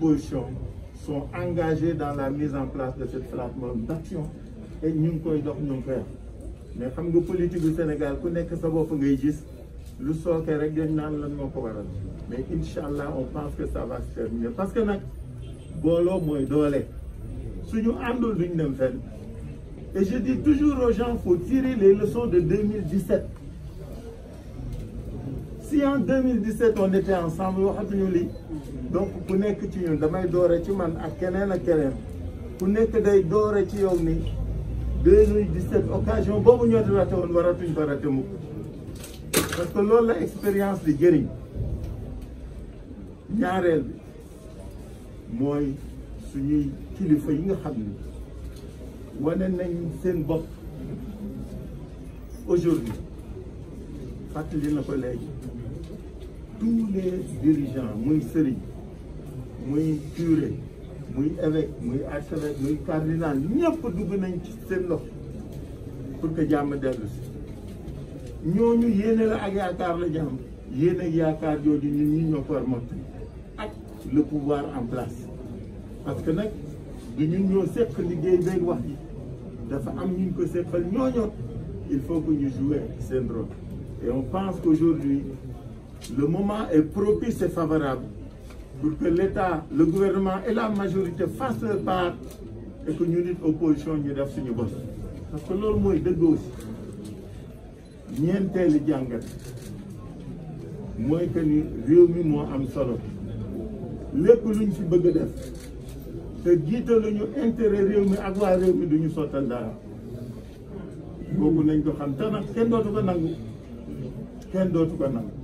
dispositions sont engagées dans la mise en place de cette plateforme d'action et ñu ngi koy dox ñu ngi koy wax mais xam nga politique bu Sénégal ku nekk sa bopp ngay gis lu sookee rek dañ naan lan moo ko waral mais incha allah on pense que ça va se faire mieux parce que nag booloo mooy doole suñu àndul duñ dem fenn e je dis toujours aux gens faut tirer les leçons de si en 2017 on était ensemble waxatuñu lii donc ku nekk ci ñun damay doore ci man ak keneen ak keneen ku nekk day doore ci yow ni 2017 occasion boobu ñoo di rate woon waratuñ ko rate mukk parce que loolu la expérience di jëriñ ñaareel bi mooy suñuy kilifa yi nga xam ni wane nañ seen bopp aujourd'hui fàttali na ko léegi tous les dirigeants muy sëriñ muy curé muy évêque muy archevêque muy cardinal ñëpp dugg nañ ci seen lox pour que jàmm dellusi si ñooñu yéene la ak yaakaar la jàmm yéen ak yaakaar jooju ñun ñi ñoo ko war mott ak le pouvoir en place parce que nag du ñu ñoo seq liggéey beeg wax yi dafa am ñu ko seqal ñooñoo il faut ko ñu jouer seen rôle et on pense qu'aujourd'hui le moment est propice et favorable pour que l'État, le gouvernement et la majorité fassent leur part et que opposition ñu def suñu bos parce que loolu mooy dëggoo si ñeenteeli jàngat mooy que ni réew mi moo am solo lépp luñ si bëgg a def te jiitaluñu intérêt réew mi ak waa réew mi duñu sottal dara kooku nañ ko xam te nag kenn dootu ko nangu kenn dootu ko nangu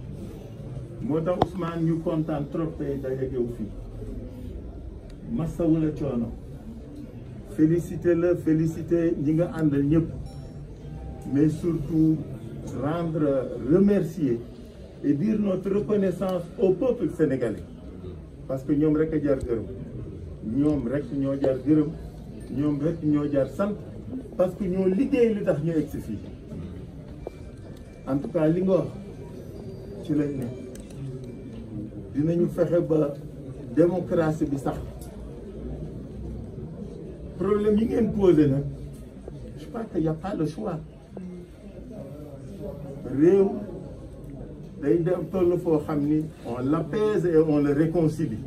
moo tax Ousmane ñu kontaan trop tey daje yow fii masawu la coono félicité la félicité ñi nga àndal ñëpp mais surtout rendre remercier et dire notre reconnaissance au peuple sénégalais parce que ñoom rek a jar gërëm ñoom rek ñoo jar gërëm ñoom rek ñoo jar sant parce que ñoo liggéey li tax ñu si fii en tout cas li nga wax ci lañ ne dinañu fexe ba démocratie bi sax problème yi ngeen posé nag je crois que y a pas le choix réew day dem toll foo xam ni on l'apaise et on le réconcilie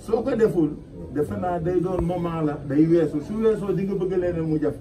soo ko deful defe naa day doon moment la day weesu su weesoo di nga bëgg leneen mu jaf